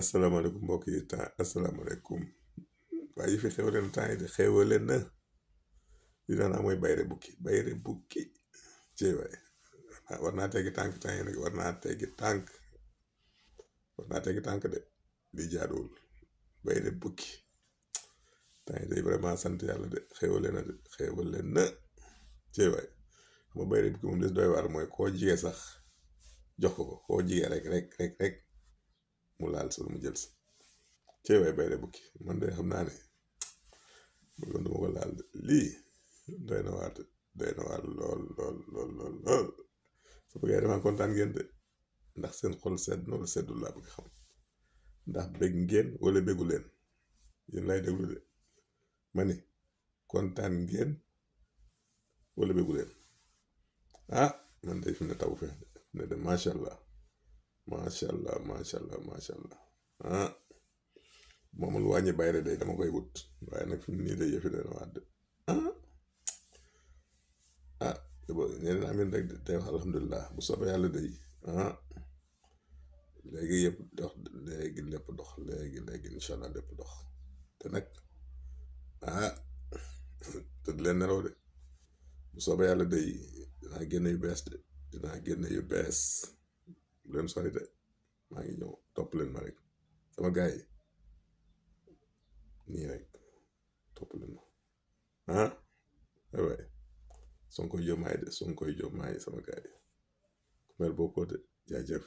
asalaamaaleykum mbokk yi temps asalaamaaleykum waaye yi fi xew leen temps yi di xewaleen na li daan mooy bayre bukki bayre bukki cee ah, war naa teggi tànk temps yi nag war naa teggi tànk de li jaaduwul bayre bukki temps yi day vraiment sant yàlla de xewaleen na na cee xam nga bayre bukki moom des doy waar mooy koo jige sax jox ko ko jige rek rek mu laal si mu jël si cee bay de bukki man de xam naa ne bëggoon duma ko laal lii doy na waar doy na waar lool lool lool lool lool su kontaan ngeen de ndax seen xol sedd na wala seddul laa bëgg xam ndax bëgg ngeen wala bëggu leen yéen laay déglu de ma ni kontaan ngeen wala bëggu leen ah man de fi ne taw feex ne de macha allah. macha allah macha allah macha allah moom ah, moomul wàññi bayre day dama koy wut waaye nag fi mu nii day yëfi dana waat ah, ah bu soobee yàlla day ah léegi yëpp dox léegi lépp dox léegi ah, leen nelaw de bu soobee yàlla day dinaa génne yu bees de dinaa génne yu bees. bu leen sori de maa ngi ñëw topp leen ma rek sama gars yi nii rek topp leen ma ah eh aywaay Sonko Diomaye de Sonko Diomaye sama gars yi mer boo ko de jaajëf